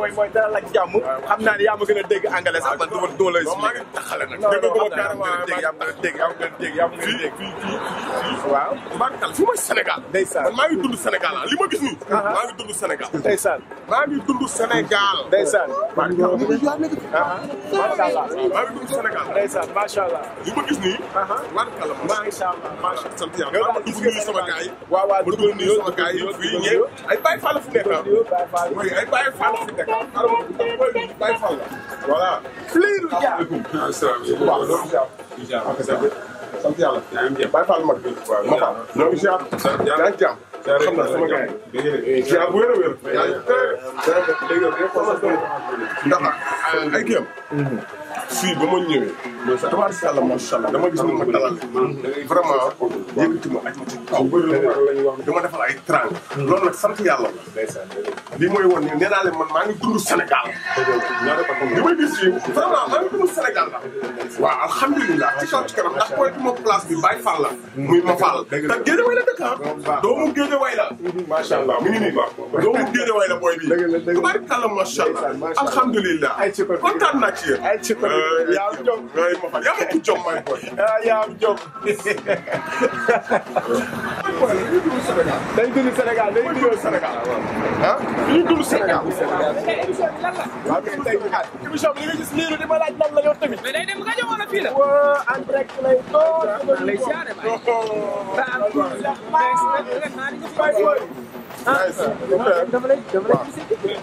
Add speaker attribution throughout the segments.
Speaker 1: mooy mooy dara lak jàmm xam naa ne yaa ma gën a dégg anglais sax man duma duma lay maa ngi taxale nag déggaguma carrément yaa ma gën a dégg yaa ma gën a dégg yaa ma gën a dégg waaw maa ngi tal fu may Sénégal ndeysaan man maa ngi dund Sénégal ah. li ma gis nii ah, ah. maa ngi dund Sénégal ndeysaan maa ngi dund Sénégal ndeysaan maa ngi dund Sénégal ndeysaan macha allah li ma gis nii maa ngi tal macha allah macha allah sant yàlla maa ngi dugg nuyu sama gars yi waaw waaw dugg nuyu sama gars yi fii ñëpp ay Baye Fall fu nekk mooy ay Baye Fall fu nekk voilà. Flirou Dia. sant yàlla. Baye Fall mag bi. waaw ñoo ngi ziar. yaa ngi jàmm. xam naa sama gars yi. ziar bu wér a wér. ndax ay kii am. fii ba ma ñëwee. tabaar si yàlla macha allah dama gis ni ma dalal vraiment yëkkati ma aj ma ci kaw dama defal ay trang loolu nag sant yàlla la li mooy woon ne nee naa leen man maa ngi dund Sénégal li may gis yi vraiment maa ngi dund Sénégal la waaw alhamdulilah ci kaw ci kanam ndax poytu ma place bi Baye Fall la muy ma Fall te géej way la dëkk ah. doomu géej way la macha allah mi ngi nii doomu géej way la booy bi tabaar si yàlla macha allah alhamdulilah kontaan naa ci yéen Ibrahima Fall yaa ngi jom may boy. ah yaa am jom. day dund Sénégal day dund Sénégal. ah day dund Sénégal. waaw kay tey émission bi li nga gis liiru di ma laaj lan la yow tamit. mais day dem rajo wala fii la. waa en direct lay doon. lay siyaare ah dafa lay dafa lay gisee.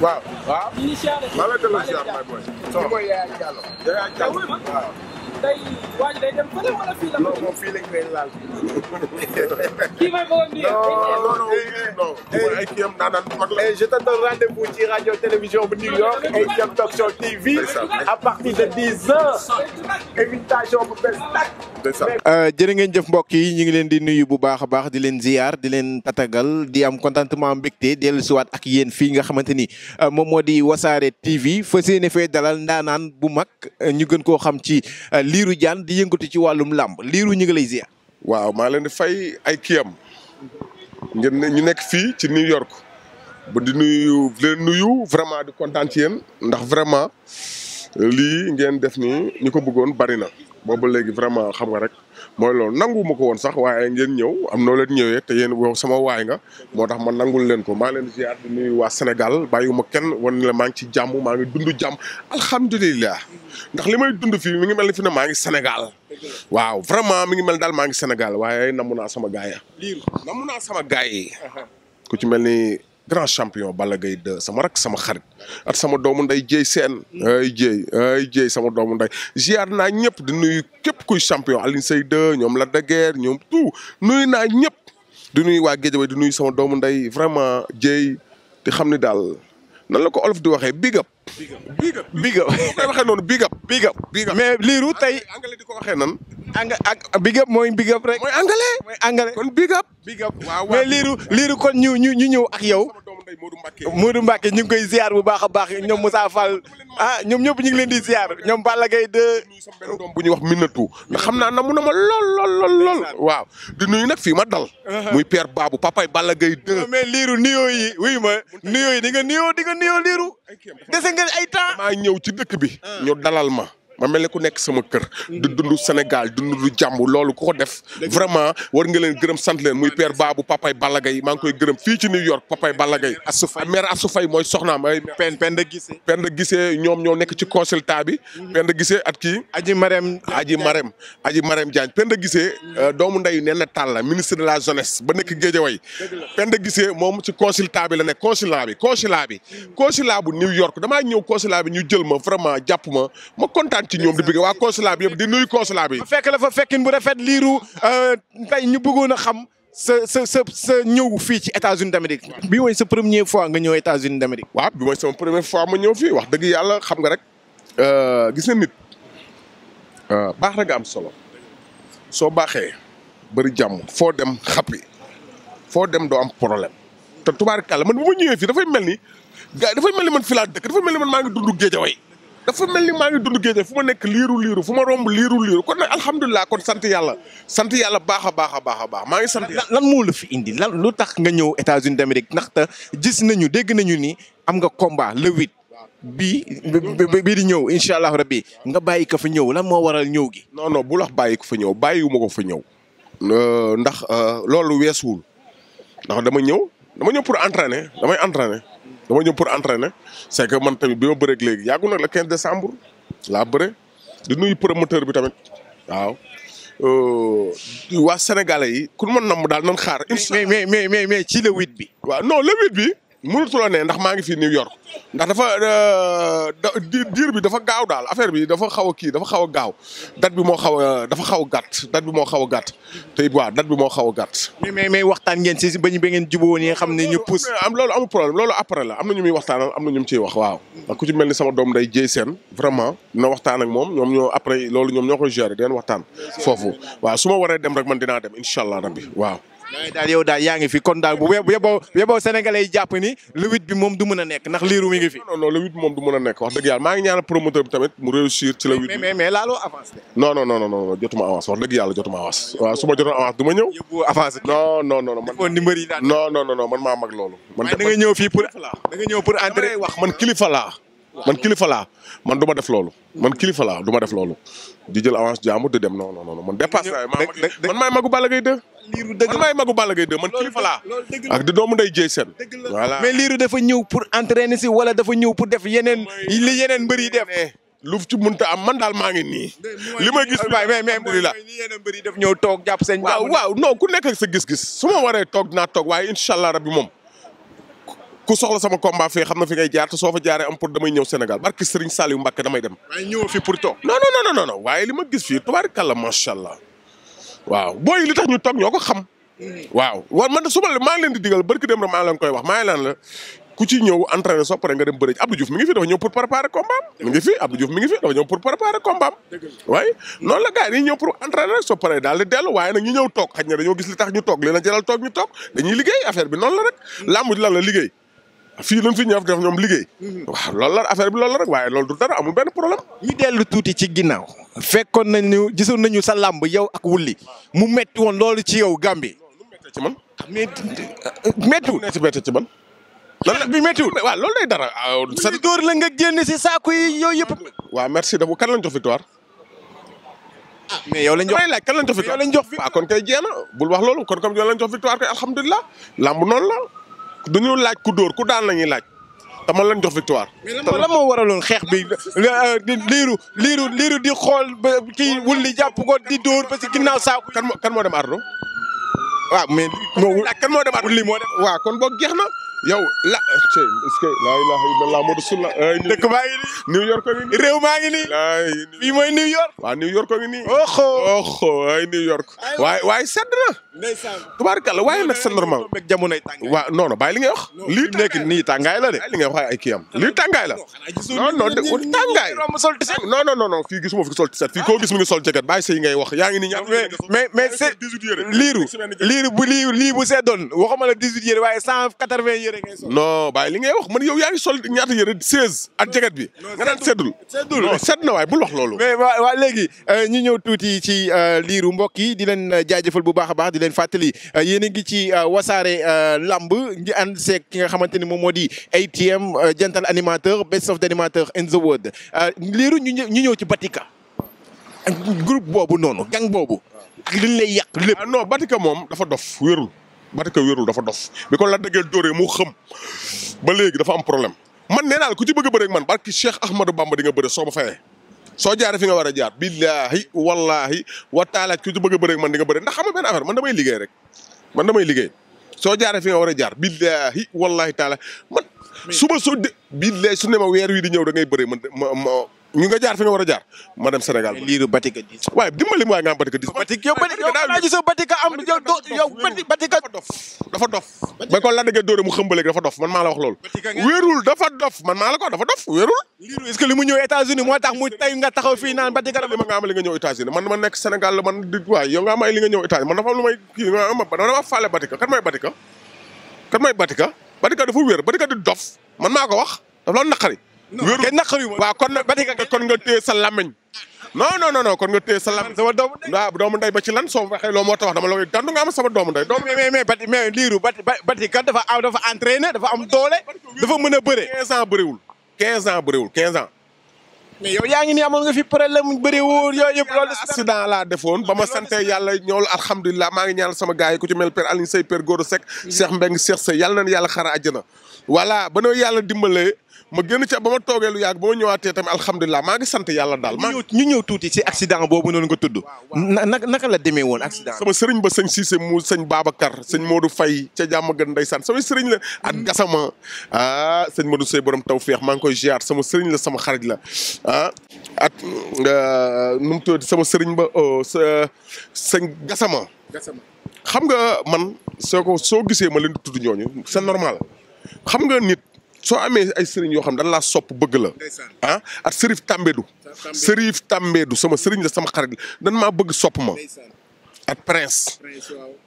Speaker 1: waaw waaw. initiale. maa ngi lay delloo day waaj day dem di non non non. jëf mbokk yi ñu ngi leen di nuyu bu baax a baax di leen ziar di leen tatagal di am contentement mbégte dellu siwaat ak yéen fii nga xamante ni euh, moo di wasaare TV fa seen fee dalal ndaanaan bu mag euh, ñu gën koo xam ci. Euh, liiru Diane di yëngatu ci wàllum làmb liiru ñu ngi lay ziar. waaw maa leen di fay ay kiyam ngeen ñu nekk fii ci New York ba di nuyu nuyu vraiment di kontaan ci yéen ndax vraiment lii ngeen def ñu ñi ko bëggoon bari na boobu léegi vraiment xam nga rek mooy lool nangu ma ko woon sax waaye ngeen ñëw am noo leen ñëwee te yéen yow sama waay nga moo tax ma nangul leen ko maa leen ziar di nuyu waa Sénégal bàyyiwuma kenn wan la maa ngi ci jàmm maa ngi dund jàmm alhamdulilah ndax li may dund fii mi ngi mel ni fi ne maa ngi Sénégal waaw vraiment mi ngi mel daal maa ngi Sénégal waaye namu naa sama gaay yi namu sama gaay yi ku ci mel ni grand champion bala Gaye 2 sama rak sama xarit at sama doomu nday jéey seen ay jéey ay jéey sama doomu nday giar naa ñëpp di nuyu képp kuy champion Alioune Seye 2 ñoom Lac de ñoom tout nuyu naa ñëpp di nuy waa Guédiawaye di nuyu sama doomu nday vraiment jéey di xam ni daal nan la ko olof di waxee big big up big up boo koy waxee noonu big up mais liiru tey anglais di ko waxee nan anga ak big up mooy big up rek mooy anglais mooy anglais kon big up big mais liiru kon ñu ñu ñu ñëw ak yow Modou Mbacke ñu ngi koy bu baax a baax ñoom Moussa Fall ah ñoom ñëpp ñu ngi leen di ziar ñoom Balla Gaye de. doom bu ñuy wax minatu ndax xam naa namu na ma lool lool lool lool. waaw di nuyu nag fii ma dal. Uh-huh. muy père Babou papay Balla Gaye de. mais liiru nuyoo yi ma nuyoo yi di nga nuyoo di nga nuyoo liiru. dese nga ay temps. maa ñëw ci dëkk bi. Uh-huh. ñu dalal ma. ma mel ne ku nekk sama kër. di Sénégal dund lu jàmm loolu ku ko def. vraiment war nga leen gërëm sant leen muy père Babou papay Balla Gaye maa ngi koy gërëm fii ci New York papay Balla Gaye. Assou Faye ah, mère Assou mooy soxnaam ay. pen pen de gisee. gisee ñoom ñoo nekk ci consultat bi. Mhm. pen da gisee at kii. aji marem aji marem aji marem Diagne pen de gisee. doomu ndeyu nee na Talla ministre de la jeunesse ba nekk Guédiawaye. pen de gisee moom ci consultat bi la ne consulat bi consulat bi. Mhm. consulat bu New York damaa ñëw consulat bi ñu jël ma vraiment jàpp ma ci ñoom di bëgg waa consulat bi yëpp di nuyu consulat bi. bu fekkee la fa fekkin bu rafet liiru euh, tey ñu bëggoon a xam sa ñëw fii ci États-Unis d'Amérique. bi mooy sa première fois nga ñëw États-Unis d'Amérique. waaw bi mooy sama première fois ma ñëw fii wax dëgg yàlla xam nga rek euh, gis na nit euh, baax rek am solo soo baaxee bari jàmm foo dem xappi foo dem doo am problème te tubaarkàlla man bu ma ñëwee fii dafay mel ni gars dafay mel ni man fii laa dëkk dafay mel ni man maa ngi dund géejawaay dafa mel ni maa ngi dund géej fu ma nekk liiru liiru fu ma romb liiru liiru kon nag alhamdulilah kon sant yàlla sant yàlla baax a baax a baax a baax maa ngi sant yàlla. lan moo la fi indi lan lu tax nga ñëw États-Unis d'Amérique ndaxte gis nañu dégg nañu ni am nga combat le huit bii bii di ñëw incha allah rabbi nga bàyyi ko fa ñëw lan moo waral ñëw gi. non non bu lax bàyyi ko fa ñëw bàyyiwuma ko fa ñëw. ndax euh, loolu weesuwul ndax dama ñëw dama ñëw pour entraîner damay entraîner. dama ñëw pour entraîner c'est que man tamit bi ma bëreeg léegi yàggu nag le 15 décembre la bëre di nuyu promoteur bi tamit waaw. Euh, waa sénégalais yi ku mën nam daal nan xaar. mais mais mais mais ci le huit bi. waaw non le bi. mënatula ne ndax maa ngi fii New York ndax dafa euh, diir bi dafa gaaw daal affaire bi dafa xaw a kii dafa xaw a gaaw date bi moo xaw a dafa xaw a gàtt date bi moo xaw a gàtt te it waaw date bi moo xaw a gàtt. mais mais mais waxtaan ngeen si ba ñu ba ngeen jubóo ñi xam ne ñu pousse. am loolu amul problème loolu après la am na ñu waxtaanal am na ñu mu wax waaw. ndax ci mel ni sama doom day jéy seen vraiment dina waxtaan ak moom ñoom ñoo après loolu ñoom ñoo koy gérer dinañ waxtaan foofu waaw su ma waree dem rek man dinaa dem incha allah rabbi waaw. daal yow daal yaa ngi fi kon daal bu yeboo yeboo sénégalais yi jàpp ni le huit bi moom du mën a nekk ndax liiru mi ngi fi. non non moom du mën a nekk wax dëgg yàlla maa ngi ñaanal promoteur bi tamit mu réussir ci le huit. mais mais avance de. non non non man defoon dimbali yi mag loolu. man da ñëw fii pour da wax man kilifa laa man kilifa laa man du ma def loolu. man kilifa laa ma def loolu. di jël avance jaamu di dem non non non man dépassé naa man maay magu Balla Gaye man maay laa. ak di doomu nday jëy seen. voilà mais liiru dafa ñëw pour entraîner si wala dafa ñëw pour def yeneen li yeneen mbër yi def. lu mun mënta am man daal maa ngi nii. li may gis waaye mais mais mbir la def ñëw toog jàpp seen. waaw waaw non ku nekk ak gis-gis su ma waree toog naa toog waaye incha allah rabbi mom ku soxla sama combat fii xam na fi ngay jaar te soo fa jaaree am pour damay ñëw Sénégal barki Serigne Saliou Mbacke damay dem. waaye ñëw fi pour toog. non non non non waaye li ma gis fii tubaarkàlla macha allah waaw booy li tax ñu toog ñoo ko xam. waaw war man su ma maa leen di digal barki dem rek maa leen koy wax maa ngi leen la ku ci ñëw entraîné soo pare nga dem bëri Abdou Diouf ngi fi dafa ñëw pour préparer combat am mi ngi fi Abdou Diouf fi dafa ñëw pour préparer di dellu waaye nag ñu ñëw toog xaj li tax ñu toog li na jaral ñu toog dañuy liggéey affaire bi noonu la rek liggéey fii lañ fi ñëw def ñoom liggéey. Mm-hmm. waaw loolu la affaire bi loolu rek waaye loolu du dara amul benn problème. ñu dellu tuuti ci ginnaaw. fekkoon nañu gisoon nañu sa làmb yow ak wulli mu metti woon loolu ci yow Gambie. ci man. mais méttiwul ci métti ci man. bi méttiwul waaw loolu lay dara. Ah, sa dóor la nga génn si saako yi yooyu yëpp. waa merci de bu kan lañ jox victoire. ah mais yow lañ jox laaj kan lañ kon kay jeex na bul wax loolu kon comme yow lañ jox victoire kay alhamdulilah. làmb noonu la. ñu laaj ku dóor ku daan la ñuy laaj te man jox victoire. te lan moo waraloon xeex bi liiru liiru liiru di xool ba kii wulli jàpp ko di dóor ba si ginnaaw saako. kan moo kan moo dem ardo waaw mais. moo kan moo dem ardo wulli moo waaw kon boog jeex na. yow la cey est-ce que laa ilaha illallah Muhammadu dëkk baa ngi nii New York maa ngi nii fii mooy New York waaw New a ay New York waaye sedd na waaye nag c'est normal beg jamonoy tàngaay waaw non non li ngay wax lii nekk nii tàngaay la de li ngay la non non tàngaay non fi sol t-shirt fii koo gis mu sol jacket bàyyi say ngay yaa ngi nii ña mais liiru liiru bu lii lii bu seddoon waxuma la 18 yére waaye 180 yére yére ngay sol li ngay wax man yow yaa ngi sol ñaata yére seize ak jagat bi nga naan seddul seddul sedd na waay bul wax loolu mais waa waa léegi euh, ñu ñëw tuuti ci euh, liiru mbokk yi di leen euh, jaajëfal bu baax a baax di leen fàttali yéen a ngi ci wasaare lamb ngi ànd seeg ki nga xamante ni moom moo di ATM gentle animateur best of the animateur in the world liiru ñu ñëw ci Batika groupe boobu noonu gang boobu ak liñ lay yàq lépp ah, Batika moom dafa dof wérul Batika wérul dafa dof bi ko Lac de Guiers dóoree mu xëm ba léegi dafa am problème man nee naa ku ci bëgg a bëreeg man barki Cheikh Ahmadou Bamba di nga bëre soo ma fayee soo jaaree fi nga war a jaar billaahi wallaahi wa taalaaj ku ci bëgg man di nga bëre ndax xam nga benn affaire man damay liggéey rek man damay liggéey soo jaaree fi nga war a jaar billaahi wallaahi taala man suba soo de billaahi su ne ma weer wi di ñëw da ngay bëre man ma ñu nga jaar fi nga war a jaar ma dem Sénégal. liiru Batika di. waaye dimbali waaye nga am Batika di. Batika yow Batika yow naa gisoo Batika am yow yow Batika. dafa dof dafa dof. ba ko la déggee dóore mu xëmbaleeg dafa dof man maa la wax loolu. wéerul dafa dof man maa la ko dafa dof wéerul. liiru est-ce que li mu ñëw États-Unis moo tax mu tey nga taxaw fii naan Batika dafa. li ma nga am li nga ñëw États-Unis man ma nekk Sénégal man di waaye yow nga am ay li nga ñëw États-Unis man dafa am lu may kii nga am man dafa faale Batika kat may Batika kat may Batika Batika dafa wéer Batika di dof man maa ko wax dafa la naqari wéru kenn naqari ma waaw kon nag ba kon nga téye sa làmmiñ non non non a nga téye sa làmmiñ ba ci lan soo waxee loo moo tax dama la koy dandu nga am sama doomu ndey. doomu dafa am dafa entraîné dafa am doole dafa mën a bëre. 15 ans bëriwul 15 ans ans. mais yow yaa ngi nii amoon nga fi problème mu bëri ba ma sant yàlla ñool ma génn ca ba ma toogee lu yàgg ba ma ñëwaatee tamit alhamdulilah maa ngi sant yàlla daal. maa ñu ñëw tuuti si accident boobu noonu nga tudd. na naka la demee woon accident. sama sëriñ ba sëñ Cissé mu sëñ Babacar sëñ Modou Faye ca jàmm gën ndeysaan sama sëriñ la ak mm. gasama ah sëñ Modou Sey borom taw féex maa ngi koy ziar sama sëriñ la sama xarit la ah ak ah, sama sëriñ ba oh, sëñ gasama. gasama xam nga man soo ko soo gisee ma leen di tudd ñooñu c'est normal xam nga nit. soo amee ay sëriñ yoo xam ne dañ laa sopp bëgg la ah ak sërif tàmbeedu sërif tàmbeedu sama sëriñ la sama xarit dan maa bëgg sopp ma ak prince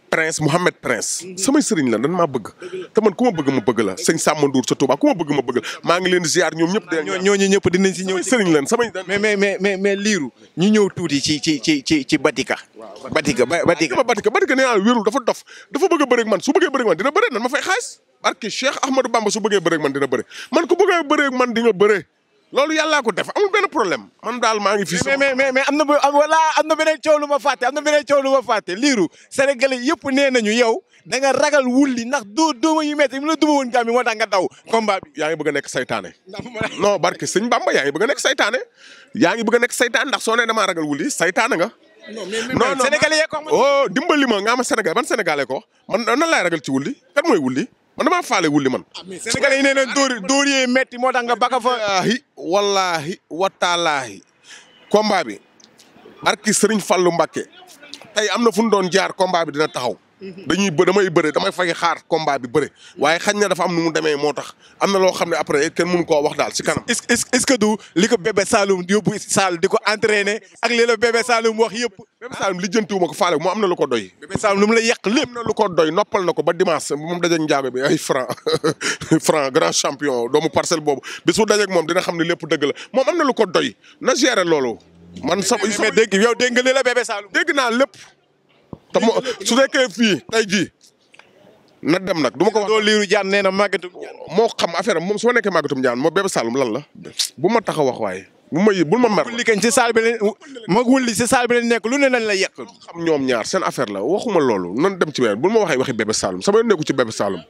Speaker 1: prince Mouhamed prince mhm. samay sëriñ la dañ maa bëgg te man ku bëgg ma bëgg la sëñ Samba sa Touba ku bëgg ma bëgg la maa ngi leen ziar ñoom ñëpp de ñooñu ñëpp dinañ si ñëw sëriñ lan samay mais mais mais mais mais liiru ñu ñëw tuuti ci ci ci ci ci Batika Batika Batika ah, dafa dof dafa bëgg a bëreeg man su bëggee bëreeg man dina bëre nan ma fay xaalis barki Cheikh Ahmadou Bamba su bëggee bëreeg man dina bëre man ku bëggee bëreeg man di bëre loolu yàllaa ko def amul benn problème man daal maa ngi fi. mais mais mais am na wala am na beneen coow ma fàtte liiru sénégalais yëpp nee nañu yow da nga ragal wulli ndax doo dooma yu métti mu la duma woon gàmm moo tax nga daw combat bi. yaa ngi bëgg a nekk saytaane. non barke sëñ Bamba yaa ngi bëgg a nekk saytaane. yaa ngi bëgg a nekk saytaane ndax soo nee damaa ragal wulli saytaane nga. non non sénégalais yee ko. man damaa faale wulli man. ah mais sénégalais yi nee na dóor dóor yee metti moo tax nga baka fa. wallaahi wallaahi wataalaahi combat bi barki sëriñ Fallou Mbacké tey am na fu ñu doon jaar combat bi dina taxaw. dañuy bë damay bëre damay fay xaar combat bi bëre waaye xañ na dafa am nu mu demee moo tax am na loo xam ne après kenn mënu koo wax daal si kanam. est ce que du li ko bébé Saloum yóbbu Sall di ko entraîné ak li la bébé wax yëpp. li jëntuwu ko faale mu am na lu ko doy. bébé Saloum lu mu na lu ko doy noppal na ko ba dimanche moom dajeeg njaago bi ay franc franc boobu bis bu dajeeg moom dina xam ne lépp dëgg la moom am na lu ko doy na gérer loolu. man sama dégg yow dégg nga li la bébé dégg naa lépp te moo su nekkee fii tey jii na dem nag du ma ko wax. doo liiru jaan nee na màggatum moo xam affaire moom su ma nekkee màggatum jaan moom Bébé Saloum lan la. bu ma taxa wax waaye. bu ma bu ma mer. wulli kañ ci saal bi leen ma wulli ci nekk lu ne nañ la yàq. xam ñoom ñaar seen affaire la waxuma loolu nan dem ci beneen bul ma waxee waxi Bébé Saloum sama yoon nekku ci Bébé Saloum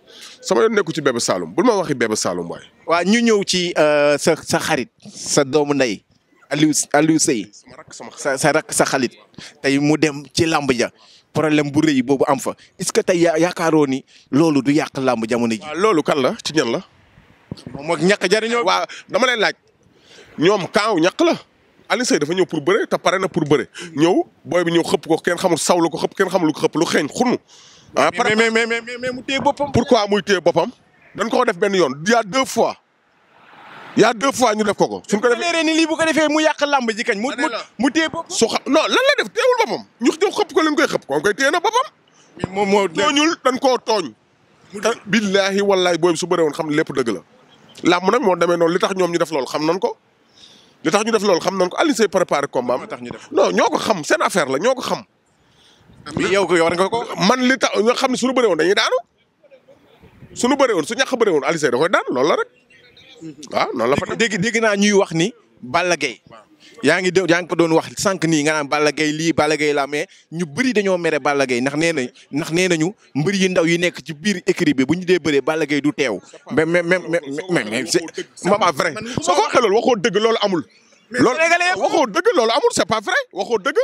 Speaker 1: sama yoon nekku ci Bébé saalum bul ma waxi Bébé Saloum waaye. waa ñu ñëw ci euh, sa sa xarit. sa doomu ndey Aliou Aliou Seye. sa rakk sa xarit tey mu dem ci làmb ja lem bu rëy boobu am fa est-ce que tey yaakaaroo ni loolu du yàq làmb jamono ji. loolu kan la ci ñan la. moom ak ñàkk jariñoo waaw dama lay laaj ñoom kaaw ñàkk la Alioune Seye dafa ñëw pour bëre te pare na pour bëre ñëw booy bi ñëw xëpp ko kenn xamul saw la ko xëpp kenn xamul lu ko xëpp lu xeeñ xunu. ah mais mais mais mais mu téye boppam. pourquoi muy téye boppam. dañ ko def benn yoon il y fois. yaa deux fois ñu def ko ko. suñ ko defee ni lii bu ko defee mu yàq làmb ji kañ. mu mu mu téye boppam. su xa non lan la def téewul boppam ñu xëpp ko li mu koy xëpp kon koy téye na boppam. moom moo tooñul dañ koo tooñ. billaahi wallaahi boobu su bare woon xam ne lépp dëgg la. làmb nag moo demee noonu li tax ñoom ñu def loolu xam nañ ko. li tax ñu def loolu xam nañ ko Alioune Seye préparé combat tax ñu def non ñoo ko xam seen affaire la ñoo ko xam. yow ko yor nga ko. man li tax nga xam ne suñu bëree woon dañuy daanu. suñu bëree woon su ñàkk bëree woon Alioune Seye da koy daan loolu la rek waaw ah, noonu la fa dégg dégg naa ñuy wax ni Balla Gaye yaa ngi yaa ngi ko doon wax sànq nii nga naan Balla Gaye lii Balla Gaye la mais ñu bëri dañoo mere Balla Gaye ndax nee nañ ndax nee nañu mbër yi ndaw yi nekk ci biir écurie bi bu ñu dee bëree Balla Gaye du teew. mais mais mais mais mais c'est pas vrai soo ko waxee loolu waxoo dëgg loolu amul. loolu waxoo dëgg loolu amul c'est pas vrai waxoo dëgg.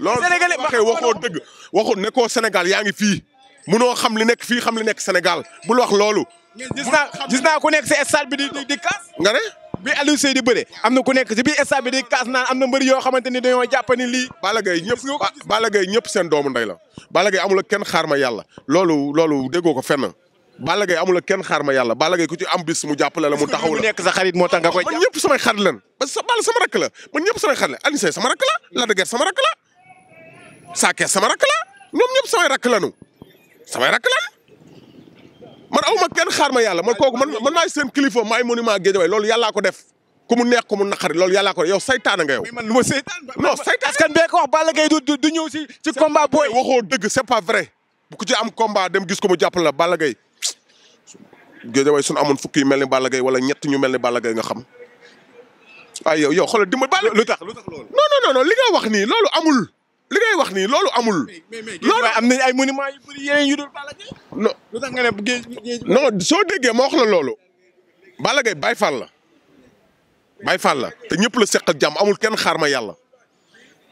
Speaker 1: loolu waxee waxoo dëgg waxoo nekkoo Sénégal yaa ngi fii munoo xam li nekk fii xam li nekk Sénégal bul wax loolu. gis naa ku nekk sa stade bi di kaas. nga ne. bi Aliou di bëre am na ku nekk si biir stade bi di kaas naan am na mbëri yoo xamante ni dañoo jàpp ni lii. Balla Gaye ñëpp Balla Gaye ñëpp seen doomu ndey la. Balla Gaye amul kenn xaar ma yàlla loolu loolu déggoo ko fenn. Balla Gaye la kenn xaar ma yàlla bala Gaye ku ci am bis mu jàppale la mu taxaw la nekk sa xarit moo tax nga koy man ñëpp samay xarit lan parce que Balla sama rakk la man ñëpp samay xarit la Aliou Seye sama rakk la Lac de Guiers sama rakk la Sa Thiès sama rakk la ñoom ñëpp samay rakk aw ma kenn xaar ma yàlla man kooku man man seen kilifa maay monument Guédiawaye loolu yàllaa ko def ku mu neex ku mu naqari loolu yàllaa ko def yow saytaana nga yow. ko wax Balla Gaye du du ñëw si si combat booy. waxoo dëgg c'est pas vrai bu ku ci am combat dem gis ko mu jàppale la Balla Gaye Guédiawaye suñu amoon fukki yu mel ni Balla gay wala ñetti ñu mel ni Balla Gaye nga xam ay yow yow xoolal dimbali. lu tax lu tax loolu. non li nga wax nii loolu amul. li wax nii loolu amul. loolu am nañ ay monuments yu bëri yeneen yu dul nga ne géej soo déggee ma wax la loolu. Balla Gaye Baye Fall la Baye Fall la te ñëpp la seqal jam amul kenn xaar ma yàlla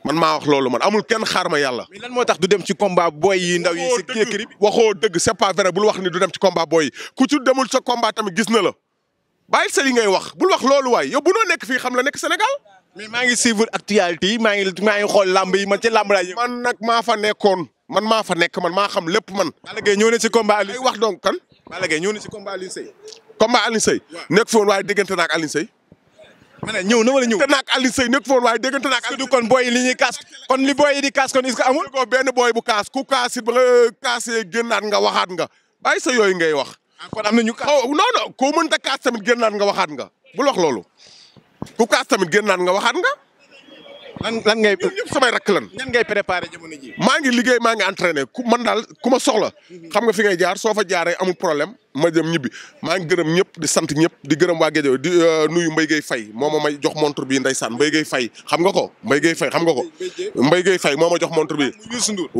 Speaker 1: man maa wax loolu man amul kenn xaar ma yàlla. mais lan moo tax du dem ci combat booy yi ndaw yi. si kii waxoo dëgg c'est pas bul wax ni du dem ci combat booy ku ci demul sa combat tamit gis na la bàyyi sa yi ngay wax bul wax loolu waay yow bu noo nekk fii xam la nekk Sénégal. mais maa ngi suivre actualité yi maa ngi maa ngi xool làmb yi man ci làmb laay man nag maa fa nekkoon man maa fa nekk man maa xam lépp man. Balla Gaye ñëw na ci combat Alioune wax donc kan. Balla Gaye ñëw na ci combat Alioune Seye. combat Alioune Seye. nekk foon waaye déggante na ak Alioune Seye. ma ne ñëw na wala ñëw. déggante na ak Alioune Seye nekk foon waaye déggante na ak. du kon booy yi li ñuy kaas kon li booy yi di kaas kon est-ce que amul. ko benn booy bu kaas ku kaas it ba la euh, kaasee génnaat nga waxaat nga bàyyi sa yooyu ngay wax. Ah, kon am na ñu kaas oh, non non koo mënta kaas tamit génnaat nga waxaat nga bul wax loolu ku kaas tamit génn naan nga waxaat nga. lan lan ngay ñëpp samay rakk lan. lan ngay préparé jamono ji. maa ngi liggéey maa ngi entraîné ku man daal ku ma soxla. Mhm. xam nga fi ngay jaar soo fa jaaree amu problème. ma jëm ñibbi maa gërëm ñëpp di sant ñëpp di gërëm waa Géejawaay di euh, nuyu Mbaye Gueye Faye moo ma may jox montre bii ndeysaan Mbaye Gueye Faye xam nga ko Mbaye Gueye Faye xam nga ko Mbaye Gueye Faye moo ma jox montre bi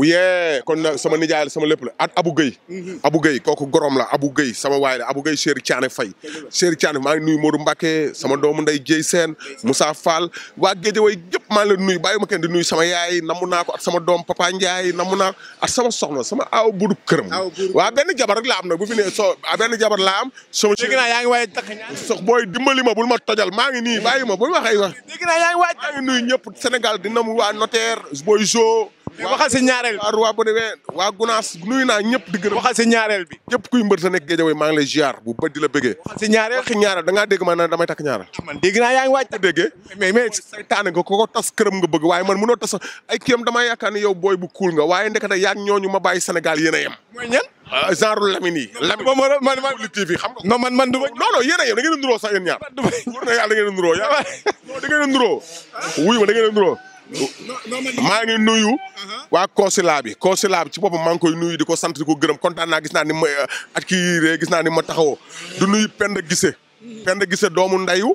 Speaker 1: yee kon nag sama nijaay la sama lépp la at Abou Gueye mhm. Abou Gueye kooku gorom la abu Gueye sama waay la Abou Gueye Chéri fay Faye Chéri Thiané maa ngi nuyu Modou Mbacké sama doomu nday Dieye Sène Moussa Fall waa Géejawaay yëpp maa ngi leen bay ma kenn di nuyu sama yaay namu naa ko at sama doom Papa Ndiaye namu naa sama soxna sama aaw budub Ah, benn jabar laa am. sama dégg naa yaa ngi waay takk ñaar dimbali ma bul ma tojal maa ngi nii bàyyi ma bul ma wax ay wax. dégg naa yaa ngi waay takk maa ngi ñëpp Sénégal dina mu waa notaire booy zoo. waxal si ñaareel bi waa bu demee waa Gunaas nuyu naa ñëpp di gërëm waxal si ñaareel bi ñëpp kuy mbër sa way maa ngi lay bu bët di si ñaareel waxi ñaareel da ngaa dégg man na damay takk ñaareel ah, man dégg naa yaa ngi waaj ma bàyyi Sénégal yéen a yem mooy ah, genre Lamine yi Lamine a yem da ngeen a nuroo sax yéen ñaar wóor na yàlla da ngeen nuroo wuy ma da ngeen nuroo maa ngi nuyu uh-huh. waa consulat bi consulat bi ci boppam maa ngi koy nuyu di ko sant di ko gërëm kontaan naa gis naa ni ma uh, at kii gis naa ni ma taxawoo du nuyu gise Gissé Penda Gissé mm-hmm. doomu ndayu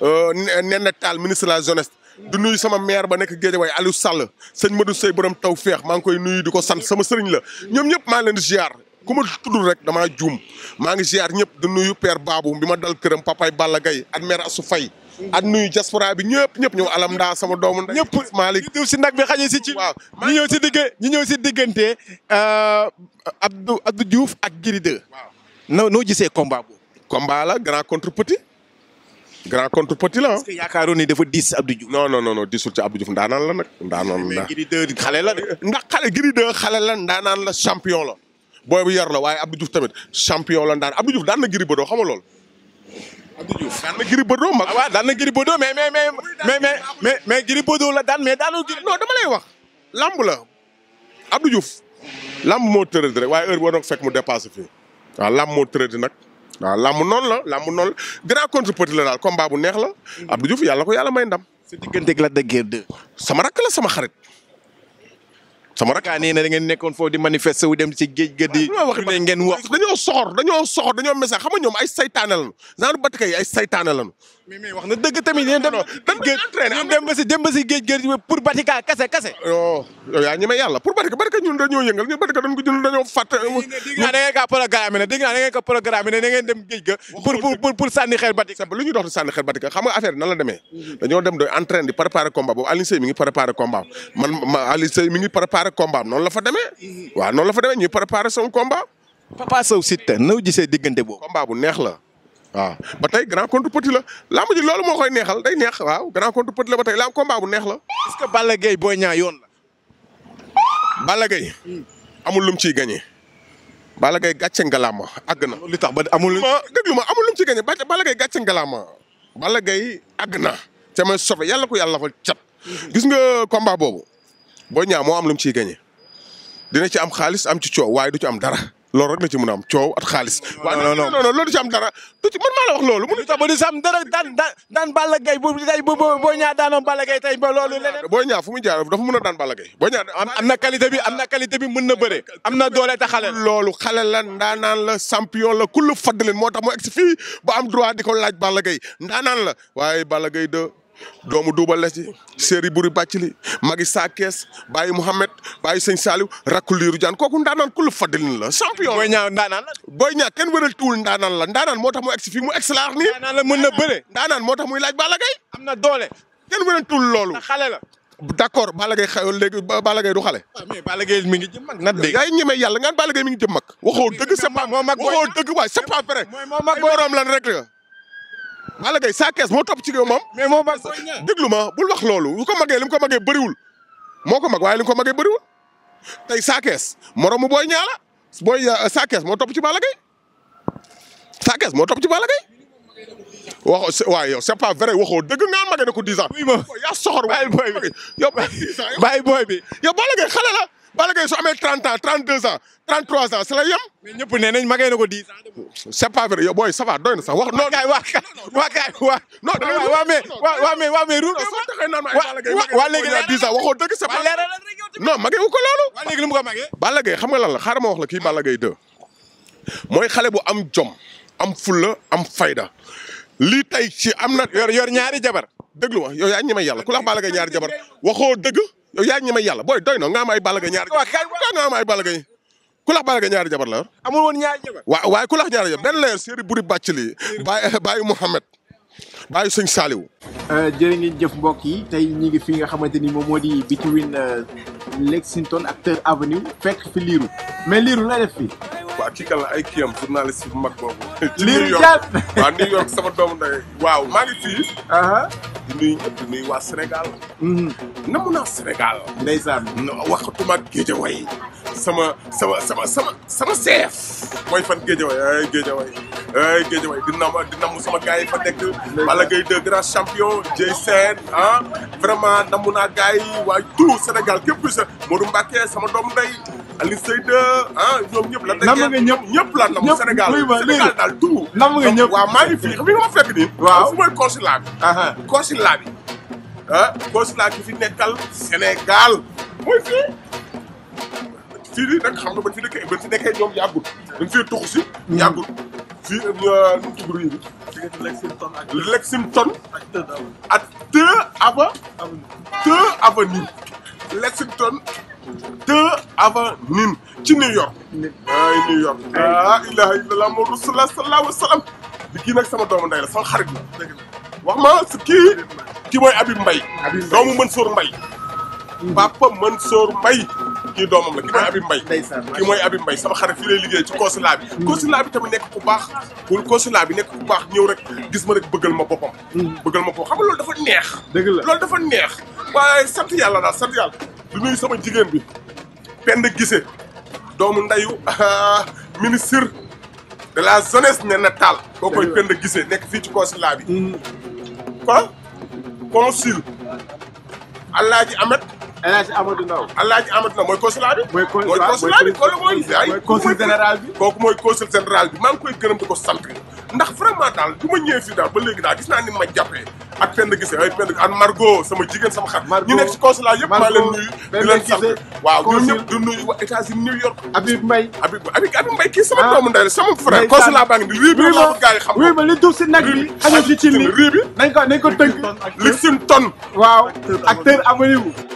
Speaker 1: uh, Néné uh, Tall ministre de la jeunesse mm-hmm. du nuyu sama maire ba nekk Guédiawaye Aliou Sall sëñ Madou Seye borom taw feex maa ngi koy nuyu di ko sant sama sëriñ la ñoom ñëpp maa ngi leen di ziar ku rek damaa juum maa ngi ziar ñëpp du nuyu père baabu bi ma dal këram papay Balla Gaye ak maire Assou Faye ak nuyu diaspora bi ñëpp ñëpp ñoom alam ndaa sama doomu nday ñëpp Malick si nag bi xañe si ci waaw ñu ñëw si digg ñu ñëw si diggante euh, Abdou Abdou Diouf ak Gris 2 waaw noo gisee combat boobu la grand contre petit grand contre la parce ah. que yaakaaroon ni dafa diis Abdou Diouf non non non diisul ci Abdou Diouf la nag la Gris 2 xale la ndax la ndaanaan la champion la booy bu yar la waaye Abdou Diouf tamit champion la ndaan Abdou Diouf daan na Gris ba doo xama lool Abdou Diouf daan na Gris Bordeaux mag ah, waaw daan na mais mais mais mais mais mais Gris Bordeaux daan mais daanu Gris dama lay wax lamb la Abdou Diouf lamb moo tëradi rek waaye heure boo doon fekk mu dépassé fii waaw lamb moo tëradi nag waaw lamb noonu la lamb noonu la grand contre la daal combat bu neex la Abdou Diouf yàlla ko yàlla may ndam. sa digganteeg la dëggeer de. sama rakk la sama xarit. sama rakk nee na da ngeen nekkoon foofu di manifester wu dem ci géej ga di. wax ne ngeen wax dañoo soxor dañoo soxor dañoo message xam nga ñoom ay saytaane lañu genre bataka yi ay saytaane lañu mais mais wax na dëgg tamit yéen dem ñun géej géej pour Batika kase kase. oh yaa ñeme yàlla pour Batika Batika ñun dañoo yëngal ñun Batika dañ ko jël dañoo fàtte. dégg naa da ngeen kaa programme ne dégg naa da ngeen ko programme ne da ngeen dem géej ga. pour demee. Mhm. dañoo dem doy en train di préparer combat boobu Alioune Seye mi ngi préparer man ma Alioune Seye mi ngi préparer la fa demee. Mhm. waaw noonu la fa demee ñuy préparer son combat. Papa Sow Siteu naw gisee diggante boobu. combat bu neex la waaw ba tey grand contre petit la lamb ji loolu moo koy neexal day neex waaw grand contre petit la ba tey lamb combat bu neex la. est-ce que Balla yoon la. Balla Gaye hmm. amul lum ciy gagné. Balla Gaye gàcce ngalaama àgg na. li tax ba amul. ma ma amul lum ciy gagné Balla Gaye gàcce ngalaama. Balla Gaye àgg na. ca ma sofe yàlla ko yàlla fa cat. Hmm. gis nga combat boobu. boo Niang moo am lum ci gagné. dina ci am xaalis am ci coow waaye du ci am dara. loolu rek la ci mën a am coow at xaalis. non non non loolu ci am dara du ci man maa la wax loolu. mënut a ba du si am dara daan daan daan tey boo ñaa daanoon Balla Gaye tey ba loolu leneen. boo ñaa fu mu jaar dafa mën a daan bala Gaye boo ñaa am na qualité bi am na qualité bi mën na bëre am na doole te xale loolu xale la ndaanaan la champion la kullu fadlin moo tax moo egsi fii bo am droit di ko laaj Balla gay ndaanaan la waaye bala Gaye de doomu Double Less ji séeri buri bàcc li magi saa kees bàyyi Mouhamed bàyyi sëñ Saliou rakku kooku ndaanaan ku la faddalin la champion. booy ñaaw la. booy kenn wëral tuwul ndaanaan la ndaanaan moo tax mu egg si mu egg si laax nii. mën na bëre. ndaanaan moo tax muy laaj bala Gaye. na doole. kenn wëral tuwul loolu. xale la. d' accord Balla Gaye xayoo léegi Balla Gaye du xale. waaw ah, mais Balla Gaye mi jëm mag. mi ngi jëm mag. waxoo dëgg c'est pas waxoo dëgg waay c'est pas vrai. mooy rek la Balla Gaye saa kees moo topp ci moom. mais moo ba déglu ma bul wax loolu lu ko magee ko magee bëriwul moo ko mag waaye ko magee bëriwul tey saa kees moromu booy ñaala booy euh, moo topp ci Balla Gaye saa kees moo topp ci Balla Gaye wax waaye pas vrai waxoo dëgg ngaa magee na ko 10 ans. yaa soxor waaye booy la. Balla Gaye su amee 30 ans 32 ans 33 ans si la yem. mais ñëpp nee nañ magee na ko 10 ans. c'est pas vrai booy ça va doy na sax wax. non kaay waa kaay waa kaay waa. non waaw waaw mais waaw mais waaw mais. waaw waaw léegi nag 10 ans waxoo dëgg c'est pas. non magee wu ko loolu. waaw léegi lu mu ko magee. Balla Gaye xam nga lan la xaaral ma wax la kii Balla Gaye 2 mooy xale bu am jom am fulla am fayda lii tey ci am na. yor yor ñaari jabar déglu ma yow yaa ñi may yàlla ku la wax Balla Gaye ñaari jabar waxoo dëgg. yow yaa ngi ñemey yàlla booy doy na nga am ay Balla Gaye ñaari nga am ay Balla Gaye ku lax Balla ñaari jabar la yor ah? amul woon ñaari jabar waaye ku lax ñaari jabar benn la yor séeri buri bàcc lii bàyyi bàyyi Mouhamed bàyyi sëñ Saliou euh, jërë jëf mbokk yi tey ñi ngi fi nga xamante ni moom moo di between euh, Lexington ak Third Avenue fekk fi liiru mais liiru la def fii waaw kii kan la ay kii am journaliste bu mag boobu. Lirou Diane waaw New York sama doomu ndey waaw maa ngi fii. di nuyu ñëpp di nuyu waa Sénégal. Mhm. namu naa Sénégal. ndeysaan waxatuma Géejawaay sama sama sama mooy fan Géejawaay ay Géejawaay ay Géejawaay di namu sama gars fa nekk. Balla Gaye 2 grand champion Dieye Sène ah vraiment namu naa gars yi waaye Sénégal képp ku sa Modou Mbacké sama doomu ndey. Aliou Seyde ah ñoom ñëpp la. nam nga ñëpp ñëpp la nam Sénégal Sénégal daal tout. nam nga ñëpp waaw maa ngi fii xam nga ma fekk nii. waaw fu may consulat bi. consulat fi nekkal Sénégal mooy fii. fii nii nag xam ba fi nekkee ñoom yàggul dañ fee tuxu si. yàggul fii nu Lexington ak Lexington. ak Deux Ava. Avenue Lexington. deux avant nin ci New York. ay New York laa ilaaha illallaah Muhammadu rasuulullaah sallallaahu alayhi wa sallam bi kii nag sama doomu ndey la sama xarit la wax ma si kii kii mooy Habib Mbaye doomu Mansour Mbaye papa Mansour mbay kii doomam la kii mooy Habib Mbaye kii mooy Habib Mbaye sama xarit fii lay liggéey ci consulat bi mm. consulat bi tamit nekk ku baax pour consulat bi nekk ku baax ñëw rek gis ma rek bëggal ma boppam mm. bëggal ma boppam xam nga loolu dafa neex dëgg la loolu dafa neex waaye sant yàlla daal sant yàlla du nuyu sama jigéen bi Penda Guissé doomu ndeyu ah, ministre de la jeunesse ne na taal koo koy Penda nekk fii ci consulat bi quoi hmm. consul Alaaji Amet Alaaji Amadou Ndaw Alaaji Amadou Ndaw mooy consulat bi mooy consulat bi kooku mooy ay consul général bi kooku mooy consul général bi maa ngi koy gërëm di ko sant ndax vraiment daal du ma ñëwee fii daal ba léegi daal gis naa ni ma jàppee ak Penda Guissé ay Penda ak Margot sama jigéen sama xar. ñu nekk ci consulat yëpp maa leen nuyu. di leen sant waaw ñun ñëpp di nuyu waa États-Unis New York. Habib Mbaye Habib Habib Mbaye kii sama ah. doomu ndey la sama frère. consulat baa ngi nii riz bi la ko gars yi xam. riz ba li duuf si nag bi xajul ci cin li riz bi nañ ko nañ ko tënk. li sin tonne. waaw acteur amaliwu.